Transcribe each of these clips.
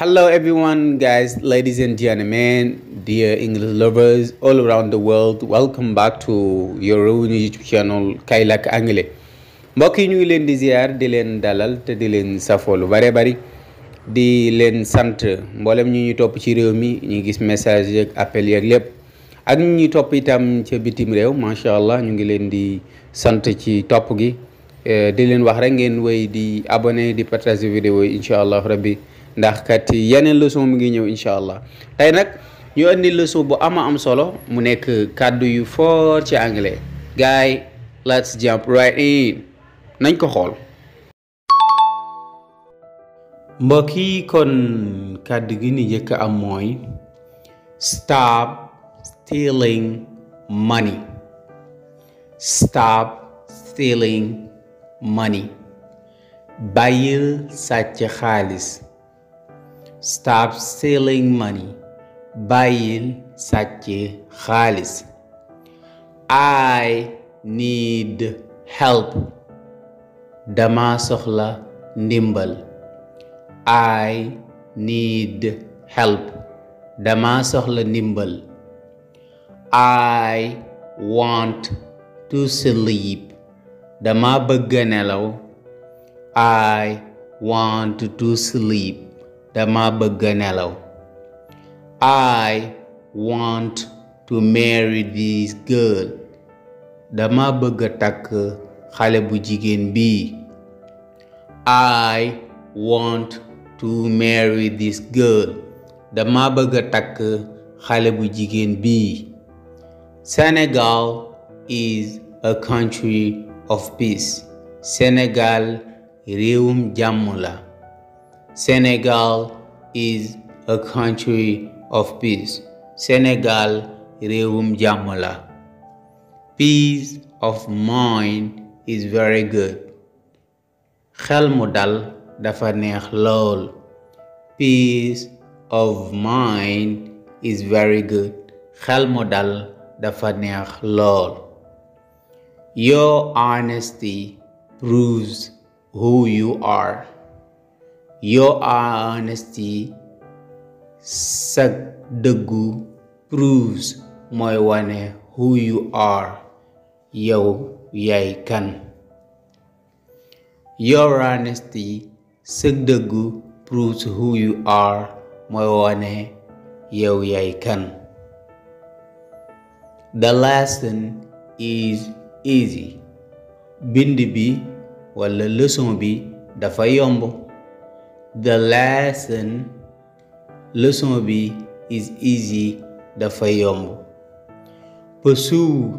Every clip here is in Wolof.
Hello, everyone, guys, ladies and gentlemen, dear English lovers all around the world. Welcome back to your own YouTube channel Kaylak Anglais. mbokk yi ñu ngi leen di ziar di leen dalal te di leen safoo lu bare bari di leen sant mboolem ñu ñu topp ci réew mi ñu gis message yeeg appel yeeg lépp ak ñu ñuy topp itam ca bitim réew macha allah ñu ngi leen di sant ci topp gi eh, di leen wax rek ngeen wéy di abonné di partager vidéo yi incha allah rabbi ndax kat yeneen leçon mu ngi ñëw incha allah tey nag ñu indi leçon bu ama am solo mu nekk kàddu yu fort ci anglais guys let's jump right in nañ ko xool. mbokk yi kon kàddu gi ni njëkk am mooy stop stealing money staab stealing money bàyyil sàcc xaalis. stop stealing money bàyyil sàcc xaalis I need help dama soxla ndimbal I need help dama soxla ndimbal I want to sleep dama bëgga nelaw I want to sleep dama bëgg nelaw I want to marry this girl dama bëgg takk xale bu jigéen bii I want to marry this girl dama bëgg a takk xale bu jigéen bi Senegal is a country of peace Sénégal réewum jàmm la Sénégal is a country of peace. Sénégal réewum jàmm la. Peace of mind is very good. Xel mu dal dafa neex lool. Peace of mind is very good. Xel mu dal dafa neex lool. Your honesty proves who you are. your honesty sa dëggu proves mooy wane who you are yow yaay kan your honesty sa dëggu proves who you are mooy wane yow yaay kan the lesson is easy bind bi walla leçon bi dafa yomb the lesson leçon bi is easy dafa yomb pursue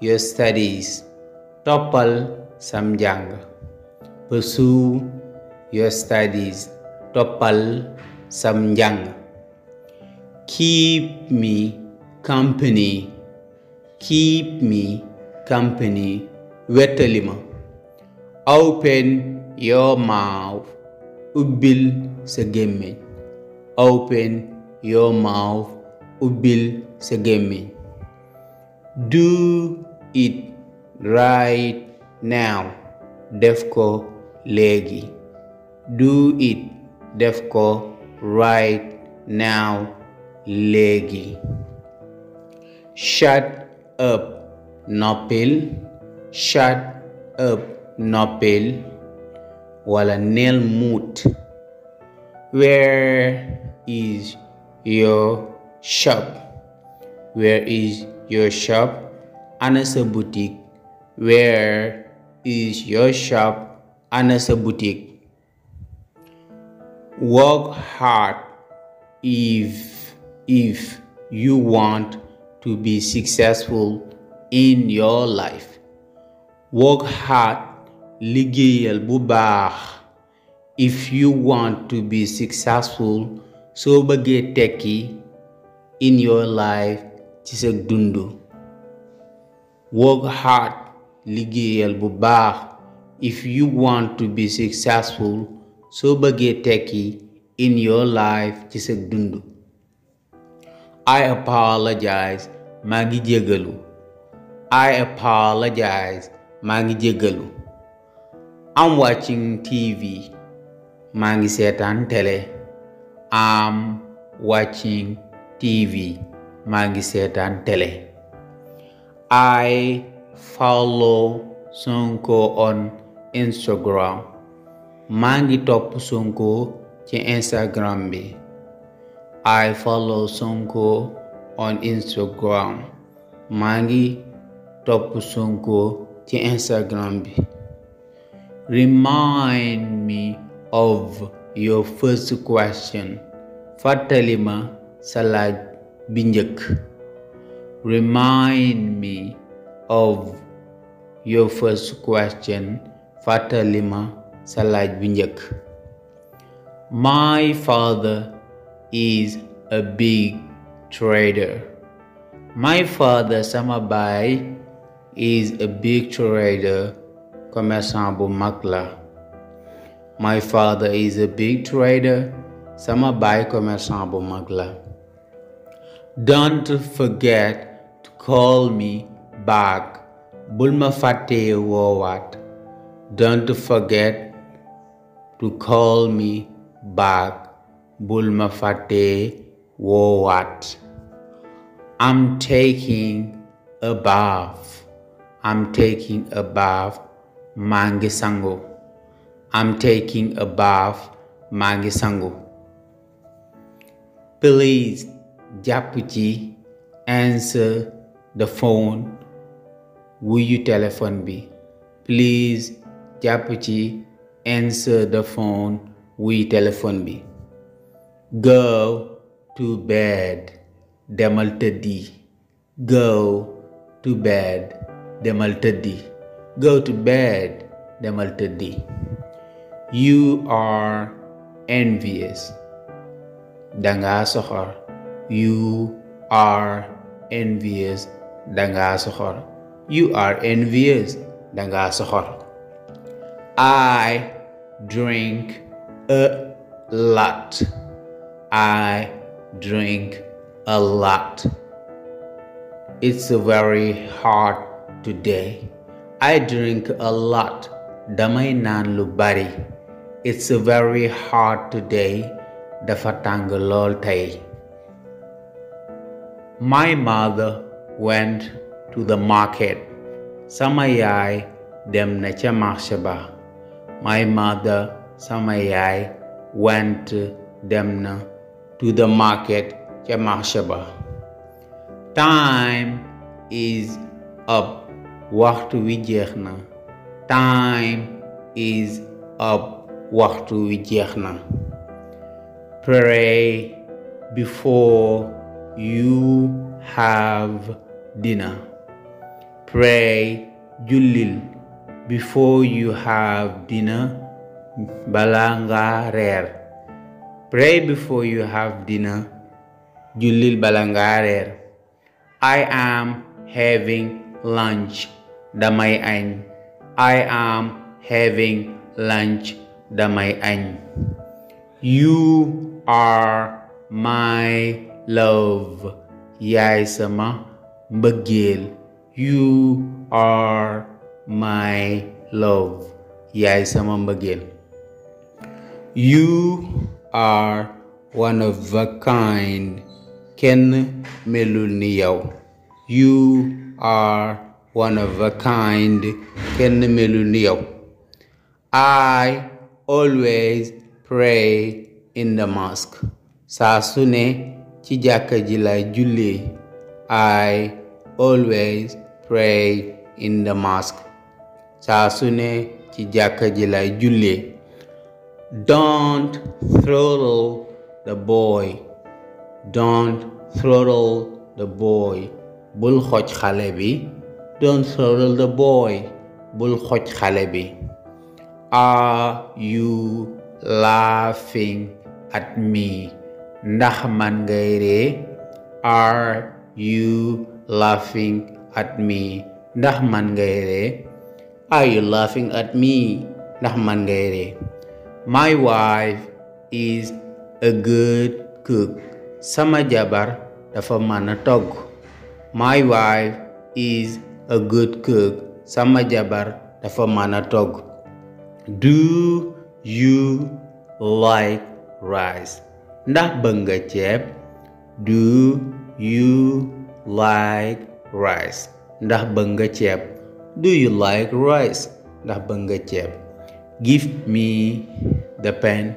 your studies toppal sam njàng pursue your studies toppal sam njàng keep mi company keep me company wettali open your ubbil sa gémmiñ open your mouth ubbil sa gémmiñ do it right now def ko léegi do it def ko right now léegi shut up noppil shut up noppil wala neel muut where is your shop where is your shop boutique where is your shop ana boutique work hard if you want to be successful in your life liggéeyal bu baax if you want to be successful soo bëggee tekki in your life ci sa dund work hard liggéeyal bu baax if you want to be successful soo bëggee tekki in your life ci sa dund I apologize maa ngi jégalu I apologize maa ngi jégalu am watching TV. maa ngi seetaan télé. I'm watching TV. maa ngi seetaan télé. I follow Sonko on Instagram. maa ngi topp Sonko ci Instagram bi. I follow sunko on Instagram. maa ngi topp Sonko ci Instagram bi. remind me of your first question fàttali ma sa laaj remind me of your first question fàttali ma sa laaj my father is a big trader my father sama baay is a big trader commerçant bu mag la my father is a big trader sama baay commerçant bu mag la don't forget to call me back bul ma fàttee woowaat I'm taking a bath maa ngi sangu I'm taking a maa ngi sangu please jàpp ci answer the phone wuyu téléphone bi please jàpp ci answer the phone wuyu téléphone bi go to bed demal tëddi go to bed demal tëddi go to bed demal tëddi you are envious danga soxor you are envious danga soxor you are envious danga soxor I drink a lot I drink a lot it's very hard today I drink a lot. damay naan lu bari. It's very hot today. dafa tàng lool tey. My mother went to the market. sama dem na ca marché ba. My mother sama yaay went dem na to the market ca marché ba. Time is up. waxtu wi jeex na time is up waxtu wi jeex na pray before you have dinner pray jullil before you have dinner bala nga reer pray before you have dinner jullil bala nga reer I am having lunch damay añ I am having lunch damay añ you are my love yaay sama mbëggeel you are my love yaay sama mbëggeel you are one of a kind kenn melul ni yow one of a kind kenn melu ni yow I always pray in the mosque saa su ne ci jàkka ji lay julli I always pray in the mosque saa su ne ci jàkka ji lay julli don't throttle the boy don't throttle the boy bul xoj xale bi don't throttle the boy bul xoj xale bi are you laughing at me ndax man ngay ree are you laughing at me ndax man ngay ree ndax man ngay ree my wife is a good cook sama jabar dafa mën a togg my wife is a good cook sama jabar dafa mën a togg do you like rice ndax bëgg nga ceeb do you like rice ndax bëgg nga ceeb do you ndax bëgg nga ceeb give me the pen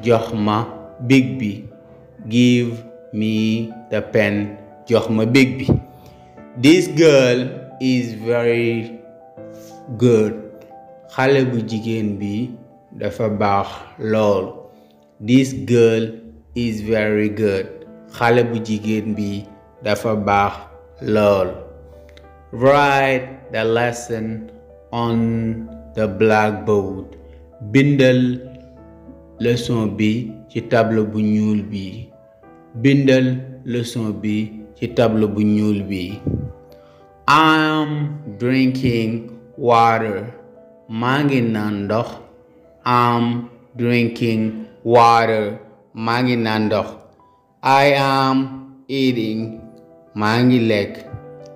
jox ma big bi give me the pen jox ma big bi this girl is very xale bu jigéen bi dafa baax lool this girl is very xale bu jigéen bi dafa baax lool write the lesson on the blackboard bindal ci tableau bindal leçon bi ci tableau bu ñuul bi I'm drinking water. maa ngi naan ndox. I'm drinking water. maa ngi naan ndox. I am eating. maa ngi lekk.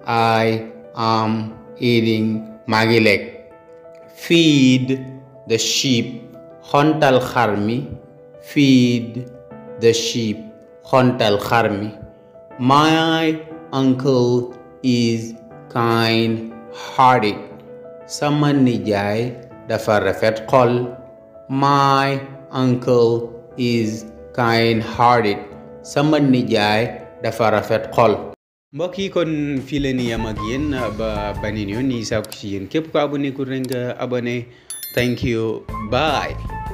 I am eating. maa ngi lekk. Feed the sheep. xontal xar mi. Feed the sheep. xontal xar mi. My uncle is. kind hearted sama nijaay dafa rafet xol my uncle is kind hearted sama nijaay dafa rafet xol mbokk yi kon fii la ni yam ak yéen ba beneen yoon ni sàkku képp ko ku rek nga thank you bye